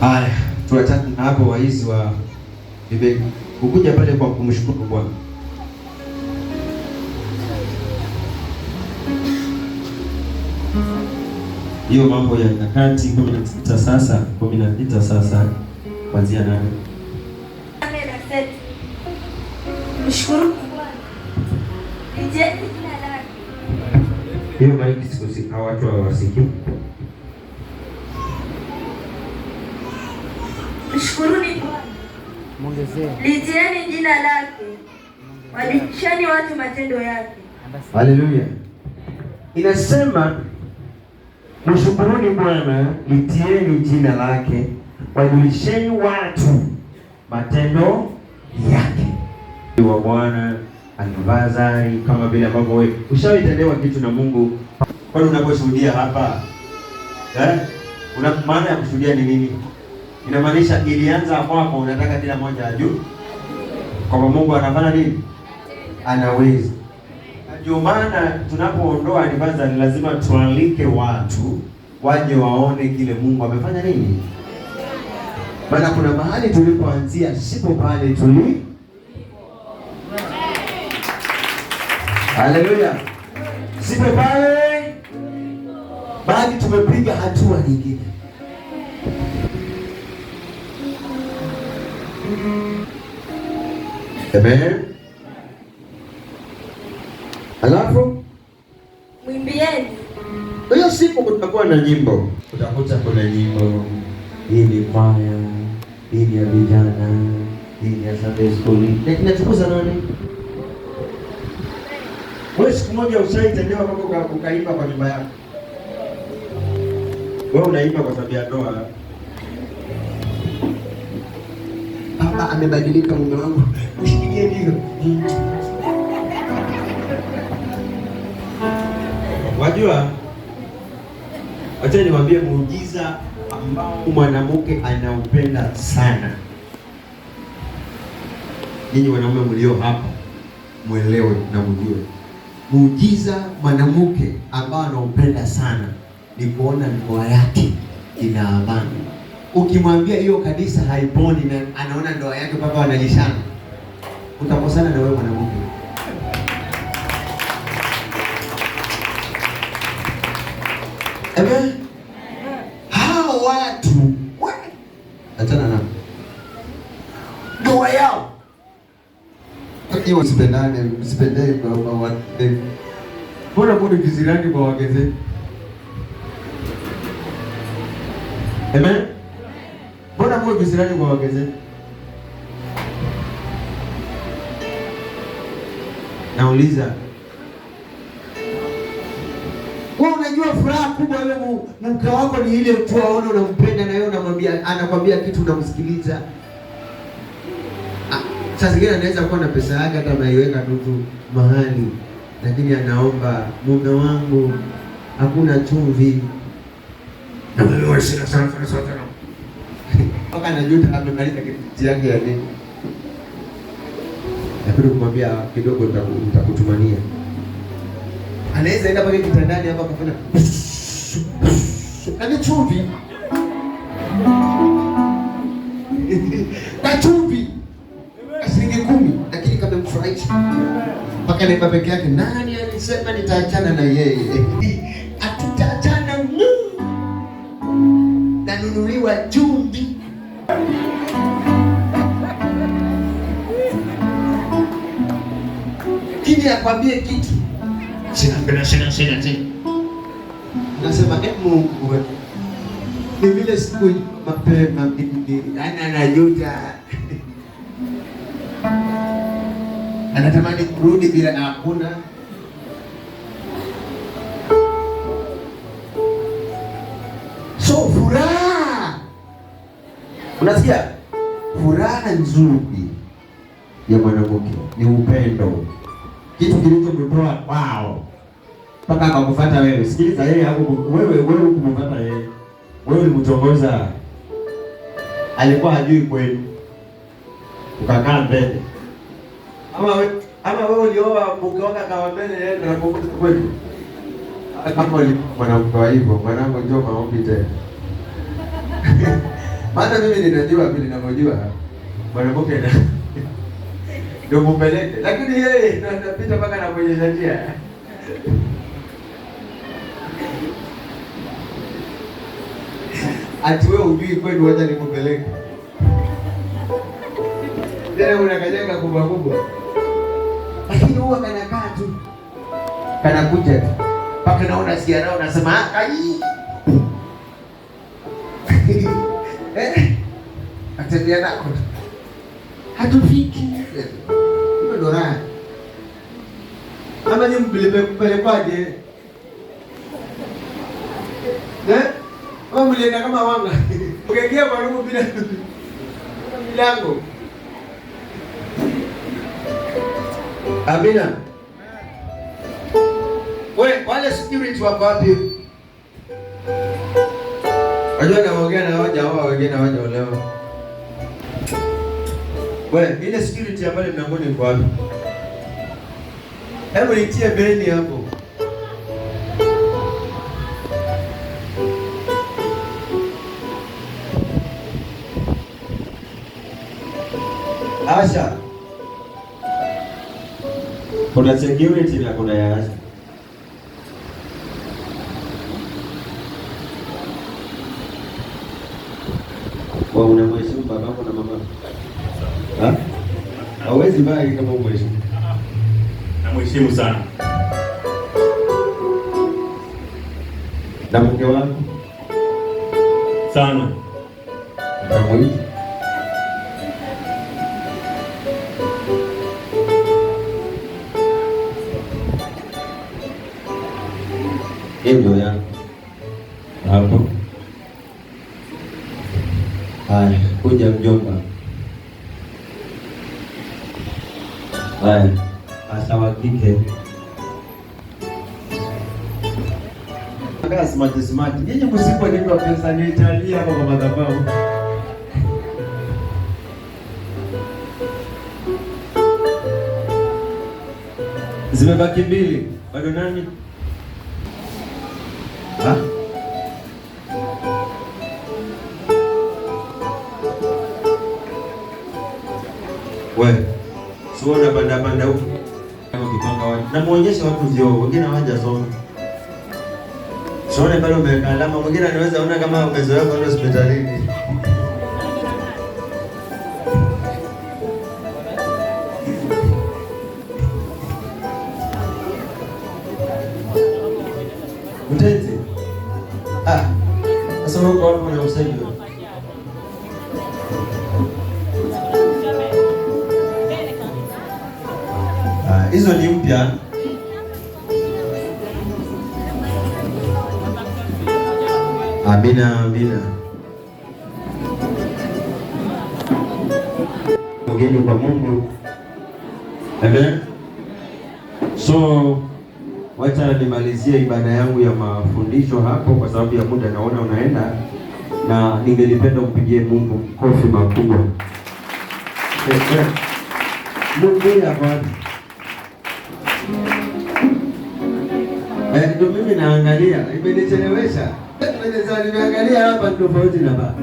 Haya, tuwatana na hapo waizi wa Biblia kukuja pale kwa kumshukuru Bwana. Hiyo mambo ya nyakati kumi na sita sasa kumi na sita sasa kwanzia nane. Hiyo maiki siku si watu hawasikii. mshukuruni Bwana, litieni jina lake, walicheni watu matendo yake. Haleluya! Inasema mshukuruni Bwana, litieni jina lake, wadulisheni watu matendo yake. wa Bwana alivaa zari kama vile ambavyo wewe ushawitendewa kitu na Mungu. Kwani unaposhuhudia hapa eh, una maana ya kushuhudia ni nini? Inamaanisha ilianza kwako, unataka kila moja ajue kwamba Mungu anafanya nini, anaweza. Ndio maana tunapoondoa ni lazima tualike watu waje waone kile Mungu amefanya nini, maana kuna mahali tulipoanzia sipo pale tuli Haleluya, sipo pale, bali tumepiga hatua nyingine. Amen. Alafu mwimbieni. Hiyo siku kutakuwa na nyimbo, utakuta kuna nyimbo, hii ni kwaya, hii ni ya vijana, hii ni ya Sunday school. Nachukuza nani? Wewe siku moja ushaitendewa kwamba ukaimba kwa nyumba yako, wewe unaimba kwa sababu ya ndoa baba amebadilika, mume wangu nishikilie ndio. Wajua, wacha niwaambie muujiza ambao mwanamke anaupenda sana. Ninyi wanaume mlio hapa mwelewe na mjue muujiza mwanamke ambao anaupenda sana ni kuona ndoa yake ina amani ukimwambia hiyo kanisa haiponi na anaona ndoa yake mpaka wanalishana, utakosana na wewe mwanamke. Amen. Hao watu achana na ndoa yao usipendane, usipendane kwa kizirani kwa wageze? Amen kuwe visirani kwa Nauliza, wewe unajua furaha kubwa ile mke wako ni ile tu aone unampenda na yeye unamwambia, anakwambia kitu unamsikiliza. Ah, Sasa zingine anaweza kuwa na pesa yake hata anaiweka nusu mahali, lakini anaomba mume wangu, hakuna chumvi na mpaka anajuta amemaliza kazi yake ya nini. Napenda kumwambia kidogo, nitakutumania. Anaweza enda pale kitandani hapa akafanya na chumvi na chumvi shilingi kumi, lakini kamemfurahisha mpaka naimba peke yake. Nani alisema nitaachana na yeye? Hatutaachana, nanunuliwa juu ili akwambie kitu. Sina pena sina sina sina. Nasema eh, Mungu wewe. Ni vile siku mapema mbili. ana anajuta. Anatamani kurudi bila hakuna. So furaha. Unasikia? Furaha nzuri ya mwanamke ni upendo kitu kilichomtoa kwao mpaka akakufuata wewe. Sikiliza, yeye hapo, wewe wewe hukumfuata yeye, wewe ulimtongoza, alikuwa hajui kweli, ukakaa mbele. Ama we, ama wewe ulioa mke kwa mbele yeye ndio anakufuata kweli Kama ni mwanamke wa hivyo, mwanangu, njoo maombi tena. Maana mimi ninajua vile ninavyojua mwanamke na ndio mupeleke, lakini yeye anapita mpaka na kwenye njia ati wewe hujui kwenu, wacha nikupeleke tena. Una kubwa kubwa, lakini huwa kanakaa tu kanakuja tu mpaka naona sikia nasema ah, kai eh? atembea nako hatufiki ndo naye ama nyinyi mlipelekwaje? Eh? Ama mlienda kama wanga. Ukaingia kwa roho bila milango. Amina. Wale wale spirit wako wapi? Wajua naongea na waja wao wengine waja olewa. Wewe ile security ya pale mlangoni iko wapi? Hebu nitie beni hapo. Asha. Kuna security na kuna ya Asha. Kwa unamheshimu babako na mamako. Hawezi bali kama umheshimu. Namheshimu sana. Na mke wako? Sana. Namwita. Hivyo ya. Hapo. Haya, kuja mjomba. Haya, hasa wa kike Kaka smart smart. Nyinyi msipo nipa pesa ni Italia kwa madhabahu. Zimebaki mbili. Bado nani? Ha? Wewe siona bandabanda huko wakipanga Na namuonyesha watu vyoo, wengine hawajasoma sione pale umeweka alama, mwingine anaweza ona kama umezoea kwenda hospitalini Amina. Mgeni kwa Mungu. Amen. So wacha nimalizie ibada yangu ya mafundisho hapo, kwa sababu ya muda naona unaenda, na ningelipenda umpigie Mungu kofi makubwa. Mungu ya Bwana. Eh, ndio mimi naangalia imenichelewesha kupendeza. Nimeangalia hapa tofauti na baba.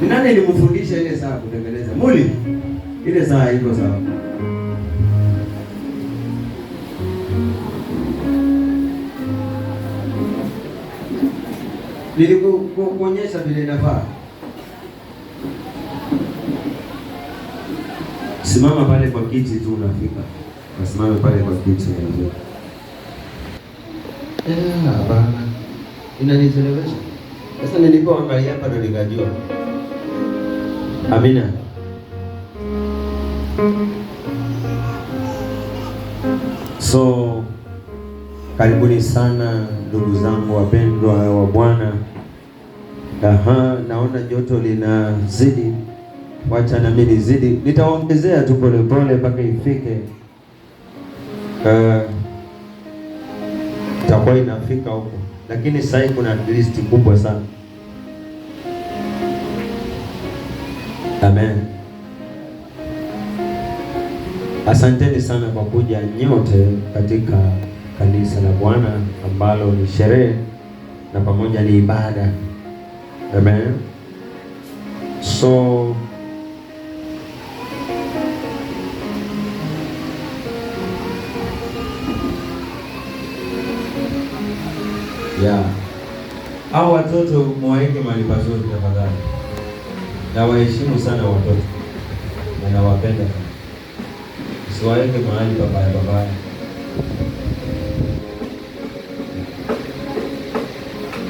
Ni nani ile saa kutengeneza? Muli. Ile saa iko sawa. Nilikuonyesha vile inafaa. Simama pale kwa kiti tu unafika. Simama pale kwa kiti unafika. Eh, hapana, inanizelewesha sasa. Nilikuwa hapa na nikajua. Amina. So karibuni sana ndugu zangu wapendwa wa Bwana. Aha, naona joto linazidi, wacha nami nizidi, nitawaongezea tu polepole mpaka ifike uh, kwa hiyo inafika huko, lakini sasa hivi kuna list kubwa sana. Amen. Asanteni sana kwa kuja nyote katika kanisa la Bwana ambalo ni sherehe na pamoja ni ibada. Amen. So yeah. au watoto mwaeke mahali pazuri tafadhali, na waheshimu sana watoto na nawapenda, usiwaweke mahali babaya babaya.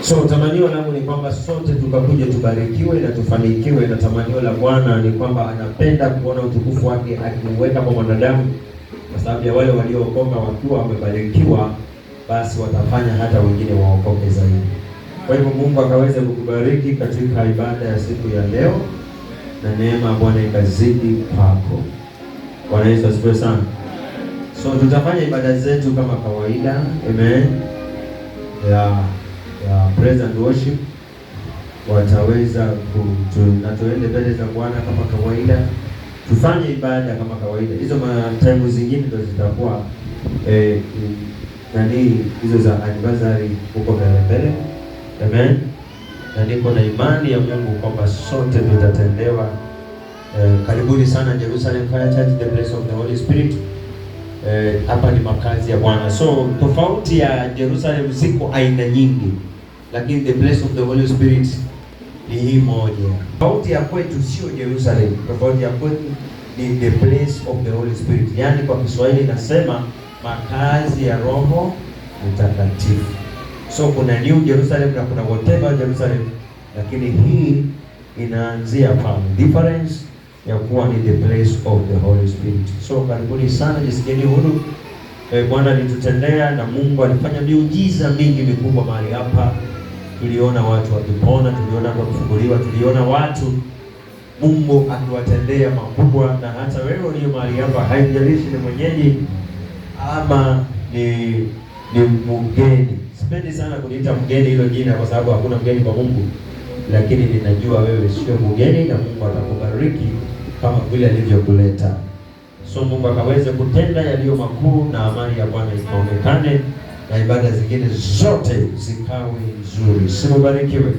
So tamanio langu ni kwamba sote tukakuja tubarikiwe na tufanikiwe, na tamanio la Bwana ni kwamba anapenda kuona utukufu wake akiuweka kwa mwanadamu, kwa sababu ya wale waliookoka wakiwa wamebarikiwa basi watafanya hata wengine waokoke zaidi. Kwa hivyo Mungu akaweze kukubariki katika ibada ya siku ya leo, na neema ya Bwana ikazidi kwako. Bwana Yesu asifiwe sana. So tutafanya ibada zetu kama kawaida, amen, ya ya praise and worship wataweza na tuende mbele za Bwana kama kawaida, tufanye ibada kama kawaida. Hizo time zingine ndio zitakuwa eh, nani hizo za anniversary huko mbele mbele. Amen. Na niko na imani ya Mungu kwamba sote tutatendewa. Eh, karibuni sana Jerusalem Fire Church, the place of the Holy Spirit. Eh, hapa ni makazi ya Bwana. So tofauti ya Jerusalem ziko aina nyingi, lakini the place of the Holy Spirit ni hii moja. Tofauti ya kwetu sio Jerusalem, tofauti ya kwetu ni the place of the Holy Spirit, yaani kwa Kiswahili nasema makazi ya Roho Mtakatifu. So kuna New Jerusalem na kuna whatever Jerusalem, lakini hii inaanzia pale, difference ya kuwa ni the place of the Holy Spirit. So karibuni sana, jisigeni huru. Eh, Bwana alitutendea na Mungu alifanya miujiza mingi mikubwa mahali hapa. Tuliona watu wakipona, tuliona wakifunguliwa, tuliona watu Mungu akiwatendea makubwa, na hata wewe ulio mahali hapa, haijalishi ni mwenyeji ama ni ni mgeni. Sipendi sana kuniita mgeni hilo jina, kwa sababu hakuna mgeni kwa Mungu, lakini ninajua wewe sio mgeni na Mungu atakubariki kama vile alivyokuleta. So Mungu akaweze kutenda yaliyo makuu, na amani ya Bwana ikaonekane na ibada zingine zote zikawe nzuri. Simubarikiwe.